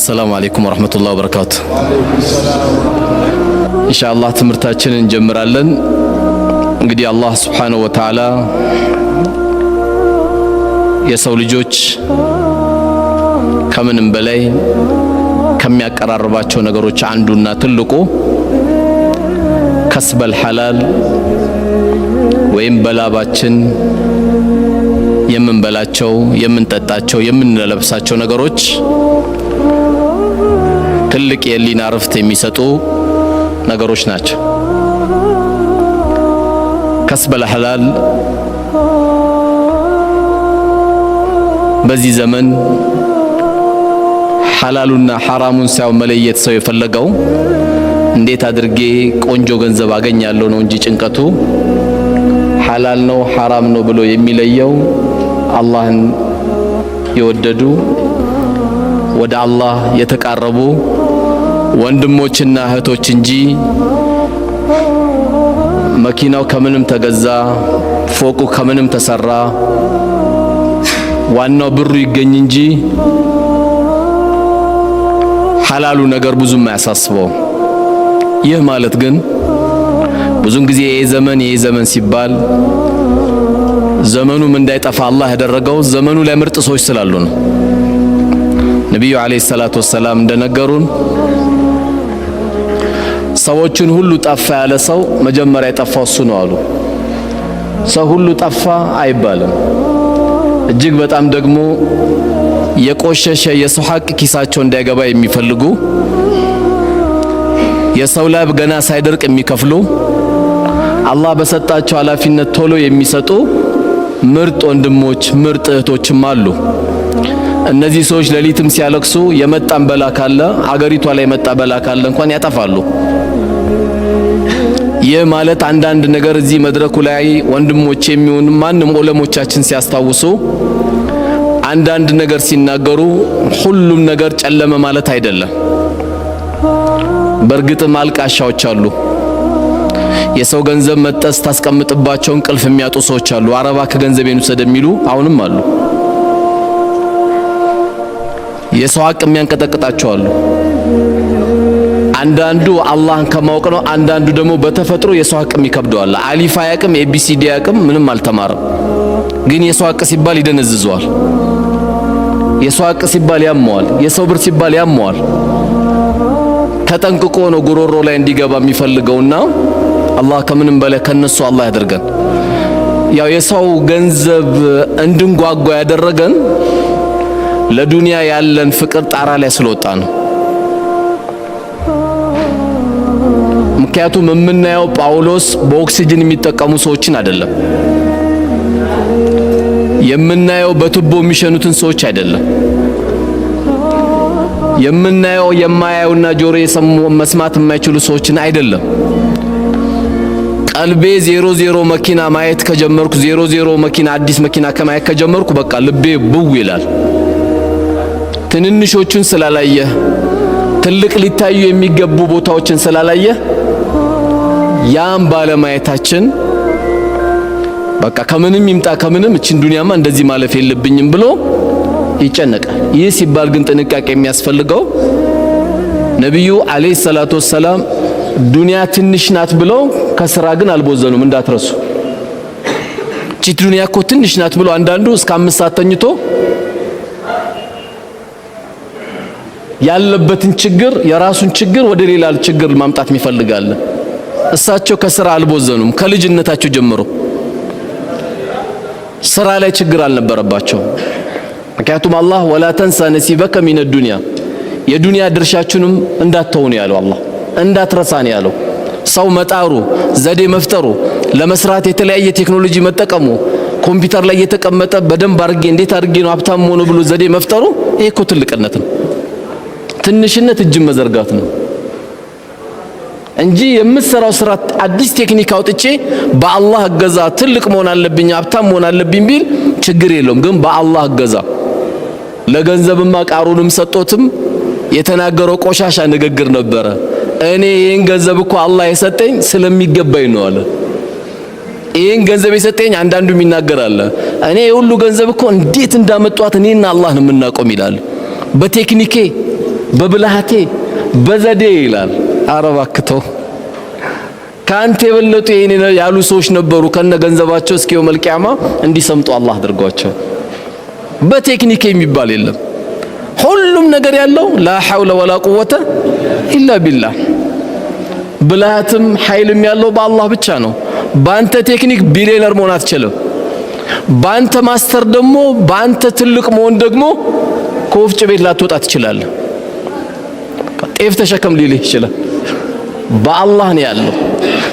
አሰላሙ አሌይኩም ወረህመቱላህ ወበረካቱ። ኢንሻአላህ ትምህርታችንን እንጀምራለን። እንግዲህ አላህ ስብሓነሁ ወተዓላ የሰው ልጆች ከምንም በላይ ከሚያቀራርባቸው ነገሮች አንዱና ትልቁ ከስበል ሐላል ወይም በላባችን የምንበላቸው፣ የምንጠጣቸው፣ የምንለብሳቸው ነገሮች ትልቅ የህሊና እረፍት የሚሰጡ ነገሮች ናቸው። ከስበል ሐላል በዚህ ዘመን ሐላሉና ሐራሙን ሳይሆን መለየት ሰው የፈለገው እንዴት አድርጌ ቆንጆ ገንዘብ አገኛለሁ ነው እንጂ ጭንቀቱ ሐላል ነው ሐራም ነው ብሎ የሚለየው አላህን የወደዱ ወደ አላህ የተቃረቡ ወንድሞችና እህቶች እንጂ መኪናው ከምንም ተገዛ፣ ፎቁ ከምንም ተሰራ፣ ዋናው ብሩ ይገኝ እንጂ ሐላሉ ነገር ብዙም አያሳስበው። ይህ ማለት ግን ብዙን ጊዜ ይህ ዘመን ይህ ዘመን ሲባል ዘመኑም እንዳይጠፋ አላህ ያደረገው ዘመኑ ላይ ምርጥ ሰዎች ስላሉ ነው። ነቢዩ ዓለይሂ ሰላቱ ወሰላም እንደነገሩን ሰዎችን ሁሉ ጠፋ ያለ ሰው መጀመሪያ የጠፋው እሱ ነው አሉ። ሰው ሁሉ ጠፋ አይባልም። እጅግ በጣም ደግሞ የቆሸሸ የሰው ሀቅ ኪሳቸው እንዳይገባ የሚፈልጉ የሰው ላብ ገና ሳይደርቅ የሚከፍሉ አላህ በሰጣቸው ኃላፊነት ቶሎ የሚሰጡ ምርጥ ወንድሞች፣ ምርጥ እህቶችም አሉ። እነዚህ ሰዎች ሌሊትም ሲያለቅሱ የመጣን በላ ካለ አገሪቷ ላይ የመጣ በላ ካለ እንኳን ያጠፋሉ። ይህ ማለት አንዳንድ ነገር እዚህ መድረኩ ላይ ወንድሞች የሚሆኑ ማንም ዑለሞቻችን ሲያስታውሱ አንዳንድ ነገር ሲናገሩ ሁሉም ነገር ጨለመ ማለት አይደለም። በእርግጥም አልቃሻዎች አሉ። የሰው ገንዘብ መጠስ ታስቀምጥባቸው እንቅልፍ የሚያጡ ሰዎች አሉ። አረባ ከገንዘቤን ውሰድ የሚሉ አሁንም አሉ። የሰው ሀቅ የሚያንቀጠቅጣቸው አሉ። አንዳንዱ አላህን ከማወቅ ነው። አንዳንዱ ደግሞ በተፈጥሮ የሰው አቅም ይከብደዋል። አሊፋ ያቅም ኤቢሲዲ ያቅም ምንም አልተማረም፣ ግን የሰው ሀቅ ሲባል ይደነዝዘዋል። የሰው ሀቅ ሲባል ያመዋል። የሰው ብር ሲባል ያመዋል። ተጠንቅቆ ነው ጉሮሮ ላይ እንዲገባ የሚፈልገውና አላህ ከምንም በላይ ከነሱ አላህ ያደርገን። ያው የሰው ገንዘብ እንድንጓጓ ያደረገን ለዱንያ ያለን ፍቅር ጣራ ላይ ስለወጣ ነው። ምክንያቱም የምናየው ጳውሎስ በኦክሲጅን የሚጠቀሙ ሰዎችን አይደለም። የምናየው በቱቦ የሚሸኑትን ሰዎች አይደለም። የምናየው የማያዩና ጆሮ መስማት የማይችሉ ሰዎችን አይደለም። ቀልቤ ዜሮ ዜሮ መኪና ማየት ከጀመርኩ ዜሮ ዜሮ መኪና አዲስ መኪና ከማየት ከጀመርኩ በቃ ልቤ ብው ይላል። ትንንሾቹን ስላላየ ትልቅ ሊታዩ የሚገቡ ቦታዎችን ስላላየ ያም ባለማየታችን በቃ ከምንም ይምጣ ከምንም እችን ዱንያማ እንደዚህ ማለፍ የለብኝም ብሎ ይጨነቃል። ይህ ሲባል ግን ጥንቃቄ የሚያስፈልገው ነቢዩ አለይሂ ሰላቱ ወሰላም ዱንያ ትንሽ ናት ብለው ከስራ ግን አልቦዘኑም እንዳትረሱ። ቺ ዱንያ እኮ ትንሽ ናት ብሎ አንዳንዱ እስከ አምስት ሰዓት ተኝቶ ያለበትን ችግር የራሱን ችግር ወደ ሌላ ችግር ማምጣት የሚፈልጋለን። እሳቸው ከስራ አልቦዘኑም። ከልጅነታቸው ጀምሮ ስራ ላይ ችግር አልነበረባቸው። ምክንያቱም አላህ ወላ ተንሳ ነሲበከ ሚነ ዱንያ የዱንያ ድርሻችሁንም እንዳትተው ያለው። አላህ እንዳትረሳ ያለው። ሰው መጣሩ፣ ዘዴ መፍጠሩ፣ ለመስራት የተለያየ ቴክኖሎጂ መጠቀሙ፣ ኮምፒውተር ላይ የተቀመጠ በደንብ አድርጌ እንዴት አድርጌ ነው ሀብታም ሆኖ ብሎ ዘዴ መፍጠሩ፣ ይሄ እኮ ትልቅነት ነው። ትንሽነት እጅ መዘርጋት ነው እንጂ የምትሰራው ስራ አዲስ ቴክኒክ አውጥቼ በአላህ እገዛ ትልቅ መሆን አለብኝ ሀብታም መሆን አለብኝ ቢል ችግር የለውም። ግን በአላህ እገዛ ለገንዘብማ ቃሩንም ሰጦትም የተናገረው ቆሻሻ ንግግር ነበረ። እኔ ይህን ገንዘብ እኮ አላህ የሰጠኝ ስለሚገባኝ ነው አለ። ይህን ገንዘብ የሰጠኝ አንዳንዱ የሚናገር አለ። እኔ የሁሉ ገንዘብ እኮ እንዴት እንዳመጧት እኔና አላህ ነው የምናቆም ይላል። በቴክኒኬ በብልሃቴ በዘዴ ይላል። አረባ ክተው ከአንተ የበለጡ ይሄን ያሉ ሰዎች ነበሩ። ከነ ገንዘባቸው እስኪ መልቅያማ እንዲሰምጡ አላህ አድርጓቸው። በቴክኒኬ የሚባል የለም። ሁሉም ነገር ያለው ላ ሐውለ ወላ ቁወተ ኢላ ቢላህ ብልሃትም ኃይልም ያለው በአላህ ብቻ ነው። በአንተ ቴክኒክ ቢሊዮነር መሆን አትችልም። በአንተ ማስተር ደግሞ በአንተ ትልቅ መሆን ደግሞ ከወፍጭ ቤት ላትወጣ ትችላለህ። ጤፍ ተሸከም ሊልህ ይችላል። በአላህ ነው ያለው።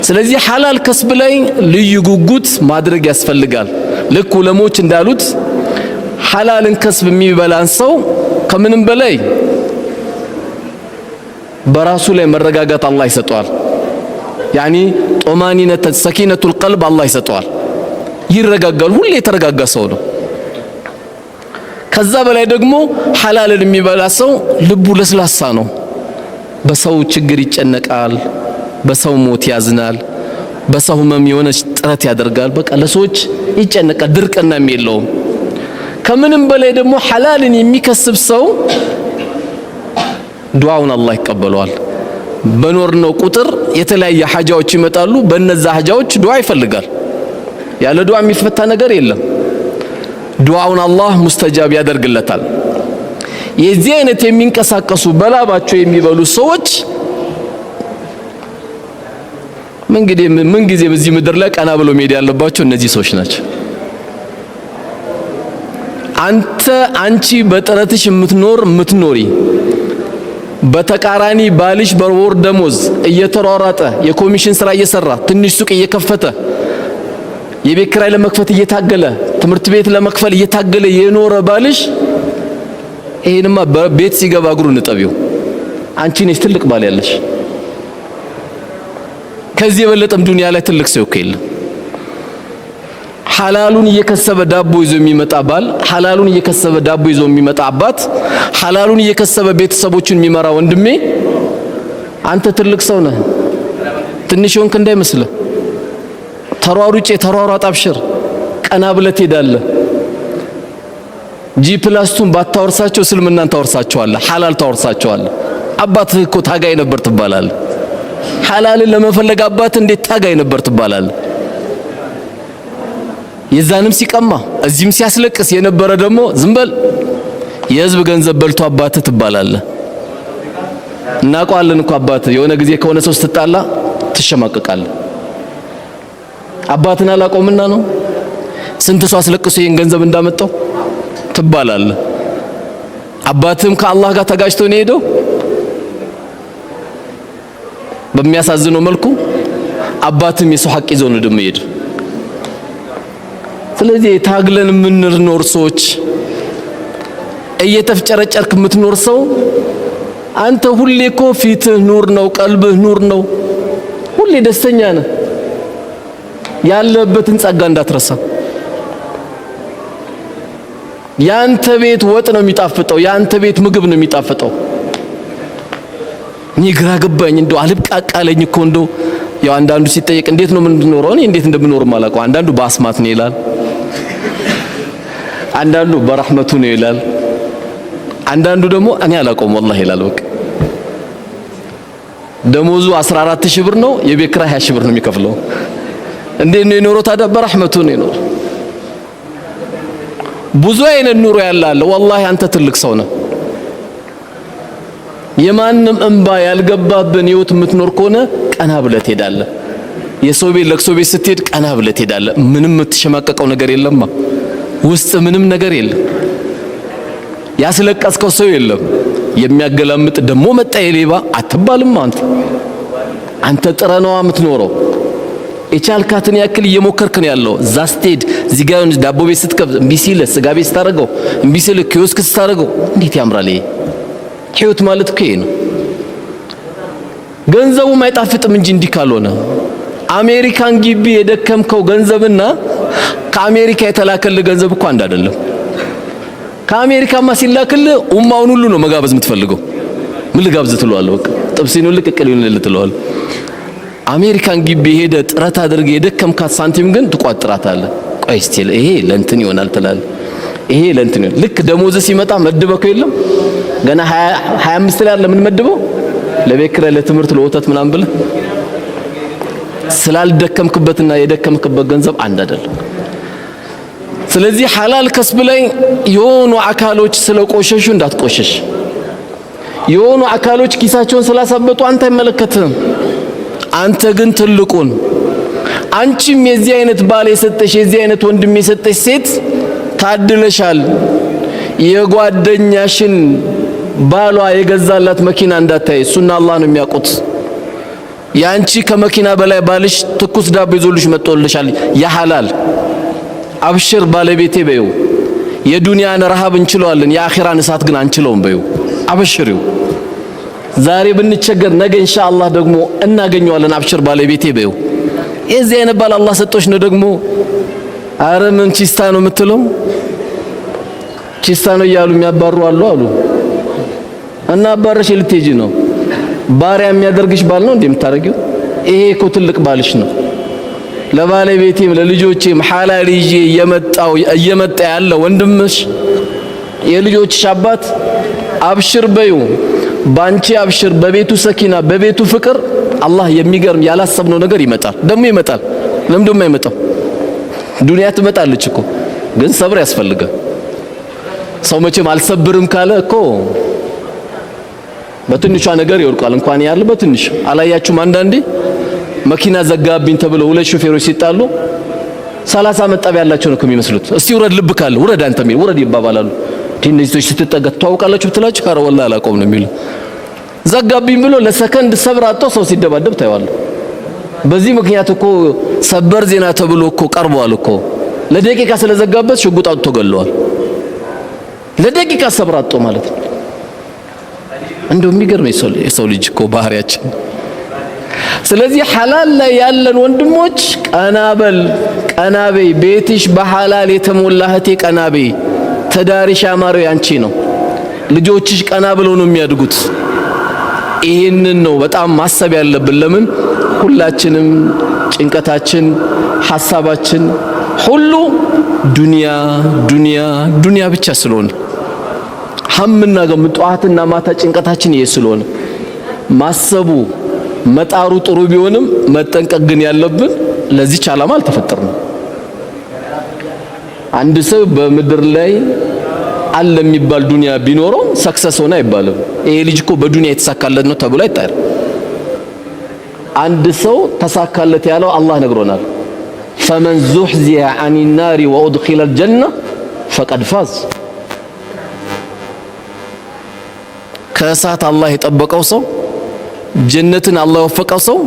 ስለዚህ ሐላል ከስብ ላይ ልዩ ጉጉት ማድረግ ያስፈልጋል። ልክ ዑለሞች እንዳሉት ሐላልን ከስብ የሚበላን ሰው ከምንም በላይ በራሱ ላይ መረጋጋት አላህ ይሰጠዋል። ያኒ ጦማኒነት ሰኪነቱል ቀልብ አላህ ይሰጠዋል። ይረጋጋል። ሁሌ የተረጋጋ ሰው ነው። ከዛ በላይ ደግሞ ሐላልን የሚበላ ሰው ልቡ ለስላሳ ነው። በሰው ችግር ይጨነቃል፣ በሰው ሞት ያዝናል፣ በሰው ህመም የሆነች ጥረት ያደርጋል። በቃ ለሰዎች ይጨነቃል፣ ድርቅናም የለውም። ከምንም በላይ ደግሞ ሐላልን የሚከስብ ሰው ዱዓውን አላህ ይቀበለዋል። በኖርነው ቁጥር የተለያየ ሀጃዎች ይመጣሉ። በነዛ ሀጃዎች ዱዓ ይፈልጋል። ያለ ዱዓ የሚፈታ ነገር የለም። ዱዓውን አላህ ሙስተጃብ ያደርግለታል። የዚህ አይነት የሚንቀሳቀሱ በላባቸው የሚበሉ ሰዎች እንግዲህ ምን ጊዜ በዚህ ምድር ላይ ቀና ብሎ መሄድ ያለባቸው እነዚህ ሰዎች ናቸው። አንተ አንቺ በጥረትሽ የምትኖር የምትኖሪ በተቃራኒ ባልሽ በወር ደሞዝ እየተሯሯጠ የኮሚሽን ስራ እየሰራ ትንሽ ሱቅ እየከፈተ የቤት ኪራይ ለመክፈት እየታገለ ትምህርት ቤት ለመክፈል እየታገለ የኖረ ባልሽ ይሄንማ በቤት ሲገባ እግሩ ንጠቢው። አንቺ ነሽ ትልቅ ባል ያለሽ። ከዚህ የበለጠም ዱንያ ላይ ትልቅ ሰው እኮ የለም። ሐላሉን እየከሰበ ዳቦ ይዞ የሚመጣ ባል፣ ሐላሉን እየከሰበ ዳቦ ይዞ የሚመጣ አባት፣ ሐላሉን እየከሰበ ቤተሰቦችን የሚመራ ወንድሜ፣ አንተ ትልቅ ሰው ነህ፣ ትንሽ ሆንክ እንዳይመስልህ። ተሯሩጬ ተሯሯጥ፣ አብሽር፣ ቀና ብለህ ትሄዳለህ። ጂ ፕላስቱን ባታወርሳቸው እስልምናን ታወርሳቸዋለህ፣ ሐላል ታወርሳቸዋለህ። አባትህ እኮ ታጋይ ነበር ትባላለህ። ሐላልን ለመፈለግ አባት እንዴት ታጋይ ነበር ትባላለህ። የዛንም ሲቀማ እዚህም ሲያስለቅስ የነበረ ደግሞ ዝምበል የህዝብ ገንዘብ በልቶ አባት ትባላለህ። እናውቀዋለን እኮ አባትህ የሆነ ጊዜ ከሆነ ሰው ስትጣላ ትሸማቀቃለህ። አባትን አላቆምና ነው። ስንት ሰው አስለቅሶ ይህን ገንዘብ እንዳመጣው ትባላለህ። አባትም ከአላህ ጋር ተጋጭቶ ነው የሄደው። በሚያሳዝነው መልኩ አባትም የሰው ሀቅ ይዞ ነው ደሞ ይሄድ ስለዚህ ታግለን የምንኖር ሰዎች እየተፍጨረጨርክ የምትኖር ሰው አንተ ሁሌ እኮ ፊትህ ኑር ነው፣ ቀልብህ ኑር ነው፣ ሁሌ ደስተኛ ነህ። ያለበትን ጸጋ እንዳትረሳ። ያንተ ቤት ወጥ ነው የሚጣፍጠው፣ ያንተ ቤት ምግብ ነው የሚጣፍጠው። እኔ ግራ ገባኝ። እንደው አልብቃቃለኝ እኮ እንደው ያው አንዳንዱ ሲጠየቅ እንዴት ነው የምንኖረው? እኔ እንዴት እንደምኖርም አላውቀው። አንዳንዱ በአስማት ነው ይላል። አንዳንዱ በረህመቱ ነው ይላል። አንዳንዱ ደግሞ እኔ አላውቀውም ወላሂ ይላል። በቃ ደሞዙ 14 ሺህ ብር ነው፣ የቤት ኪራይ 20 ሺህ ብር ነው የሚከፍለው። እንዴ ነው የኖረው ታዲያ? በረህመቱ ነው የኖረ። ብዙ አይነት ኑሮ ያላለ ወላሂ አንተ ትልቅ ሰው ነህ። የማንም እንባ ያልገባብን ህይወት የምትኖር ከሆነ ቀና ብለህ ትሄዳለህ። የሰው ቤት ለቅሶ ቤት ስትሄድ ቀና ብለህ ትሄዳለህ። ምንም የምትሸማቀቀው ነገር የለማ። ውስጥ ምንም ነገር የለም። ያስለቀስከው ሰው የለም። የሚያገላምጥ ደግሞ መጣ የሌባ አትባልም። አንተ አንተ ጥረህ ነዋ የምትኖረው። የቻልካትን ያክል እየሞከርክ ነው ያለው። እዛ ስትሄድ እዚህ ጋር ዳቦ ቤት ስትከብዝ እምቢ ሲልህ፣ ስጋ ቤት ስታደርገው እምቢ ሲልህ፣ ኪዮስክ ስታደርገው እንዴት ያምራል! ይሄ ሕይወት ማለት እኮ ይሄ ነው። ገንዘቡም አይጣፍጥም እንጂ እንዲህ ካልሆነ አሜሪካን ግቢ የደከምከው ገንዘብና ከአሜሪካ የተላከልህ ገንዘብ እኮ አንድ አይደለም። ከአሜሪካማ ሲላክልህ ኡማውን ሁሉ ነው መጋበዝ የምትፈልገው። ምን ልጋብዝ ትለዋለህ? በቃ ልቅቅል ልቅቅሉን ልትለዋለህ። አሜሪካን ግቢ ሄደ ጥረት አድርገህ የደከምካት ሳንቲም ግን ትቋጥራታለህ። ቆይ እስቲ ይሄ ለእንትን ይሆናል ትላለህ። ይሄ ለእንትን ይሆናል። ልክ ደሞዝ ሲመጣ መድበከው የለም ገና 25 ላይ አለ ምን መድበው ለቤት ኪራይ፣ ለትምህርት፣ ለወተት ምናምን ብለህ ስላልደከምክበትና የደከምክበት ገንዘብ አንድ አይደለም። ስለዚህ ሐላል ከስብ ላይ የሆኑ አካሎች ስለቆሸሹ እንዳትቆሸሽ። የሆኑ አካሎች ኪሳቸውን ስላሳበጡ አንተ አይመለከትም። አንተ ግን ትልቁን አንቺም የዚህ አይነት ባል የሰጠሽ የዚህ አይነት ወንድም የሰጠሽ ሴት ታድለሻል። የጓደኛሽን ባሏ የገዛላት መኪና እንዳታይ፣ እሱና አላህ ነው የሚያውቁት። የአንቺ ከመኪና በላይ ባልሽ ትኩስ ዳቦ ይዞልሽ መጥቶልሻል። ያ ሐላል አብሽር ባለቤቴ በዩ የዱንያን ረሃብ እንችለዋለን፣ የአኺራን እሳት ግን አንችለውም በዩ አብሽሪው። ዛሬ ብንቸገር ነገ ኢንሻአላህ ደግሞ እናገኘዋለን። አብሽር ባለቤቴ በዩ የዚህ አይነት ባል አላህ ሰጦች ነው። ደግሞ አረ ምን ቺስታ ነው የምትለው ቺስታ ነው እያሉ የሚያባሩ አሉ አሉ እና አባረሽ ልትሄጂ ነው። ባሪያ የሚያደርግሽ ባል ነው እንደምታረጊው። ይሄ እኮ ትልቅ ባልሽ ነው። ለባለቤቴም ለልጆቼም ሓላል ይዤ እየመጣ ያለ ወንድምሽ የልጆችሽ አባት አብሽር በዩ ባንቺ አብሽር፣ በቤቱ ሰኪና፣ በቤቱ ፍቅር አላህ የሚገርም ያላሰብነው ነገር ይመጣል። ደግሞ ይመጣል። ለምዶ የማይመጣው? ዱንያ ትመጣለች እኮ ግን ሰብር ያስፈልጋል። ሰው መቼም አልሰብርም ካለ እኮ በትንሿ ነገር ይወድቋል። እንኳን ያለ በትንሽ አላያችሁም አንዳንዴ መኪና ዘጋብኝ ተብሎ ሁለት ሾፌሮች ሲጣሉ ሰላሳ መጣቢያ ያላቸው ነው የሚመስሉት። እስቲ ውረድ ልብ ካለ ውረድ አንተ የሚል ውረድ ይባባላሉ። እነዚህ ሰዎች ስትጠጋ ትተዋውቃላችሁ ብትላችሁ ኧረ ወላሂ አላውቀውም ነው የሚሉ። ዘጋብኝ ብሎ ለሰከንድ ሰብር አጥቶ ሰው ሲደባደብ ታይዋለህ። በዚህ ምክንያት እኮ ሰበር ዜና ተብሎ እኮ ቀርቧል እኮ ለደቂቃ ስለዘጋበት ሽጉጥ አውጥቶ ገለዋል። ለደቂቃ ሰብር አጥቶ ማለት ነው። እንደው የሚገርም የሰው ልጅ እኮ ባህሪያችን ስለዚህ ሐላል ላይ ያለን ወንድሞች ቀናበል ቀናበይ፣ ቤትሽ በሐላል የተሞላ እህቴ ቀናበይ፣ ትዳርሽ ያማረው ያንቺ ነው። ልጆችሽ ቀና ብለው ነው የሚያድጉት። ይህንን ነው በጣም ማሰብ ያለብን። ለምን ሁላችንም ጭንቀታችን፣ ሐሳባችን ሁሉ ዱንያ ዱንያ ዱንያ ብቻ ስለሆነ ሀምና ገም ማታ ጭንቀታችን ይሄ ስለሆነ ማሰቡ መጣሩ ጥሩ ቢሆንም መጠንቀቅ ግን ያለብን ለዚች ዓላማ አልተፈጠርንም። አንድ ሰው በምድር ላይ አለ የሚባል ዱንያ ቢኖረው ሰክሰስ ሆነ አይባልም። ይሄ ልጅ እኮ በዱንያ የተሳካለት ነው ተብሎ አይጣል። አንድ ሰው ተሳካለት ያለው አላህ ነግሮናል። ፈመን ዙሕዚሐ አኒ ናሪ ወኡድኺለ አልጀና ፈቀድ ፋዝ። ከእሳት አላህ የጠበቀው ሰው ጀነትን አላህ የወፈቀው ሰው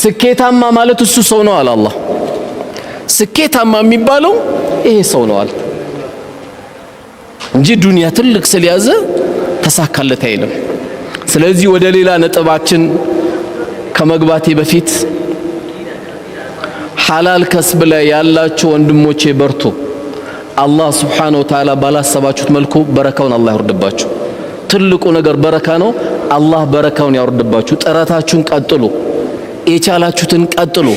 ስኬታማ ማለት እሱ ሰው ነው አለ አላህ። ስኬታማ የሚባለው ይሄ ሰው ነው አለ እንጂ ዱንያ ትልቅ ስለያዘ ተሳካለት አይልም። ስለዚህ ወደ ሌላ ነጥባችን ከመግባቴ በፊት ሐላል ከስብ ላይ ያላችሁ ወንድሞቼ በርቱ። አላህ ሱብሓነሁ ወተዓላ ባላሰባችሁት መልኩ በረካውን አላህ ያወርድባችሁ። ትልቁ ነገር በረካ ነው። አላህ በረካውን ያወርድባችሁ። ጥረታችሁን ቀጥሉ፣ የቻላችሁትን ቀጥሉ።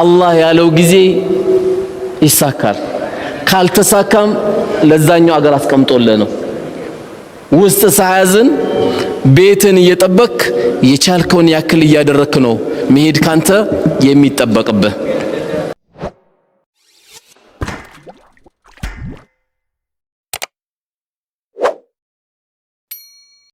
አላህ ያለው ጊዜ ይሳካል። ካልተሳካም ለዛኛው አገር አስቀምጦልህ ነው። ውስጥ ሳያዝን ቤትን እየጠበክ የቻልከውን ያክል እያደረክ ነው መሄድ ካንተ የሚጠበቅብህ።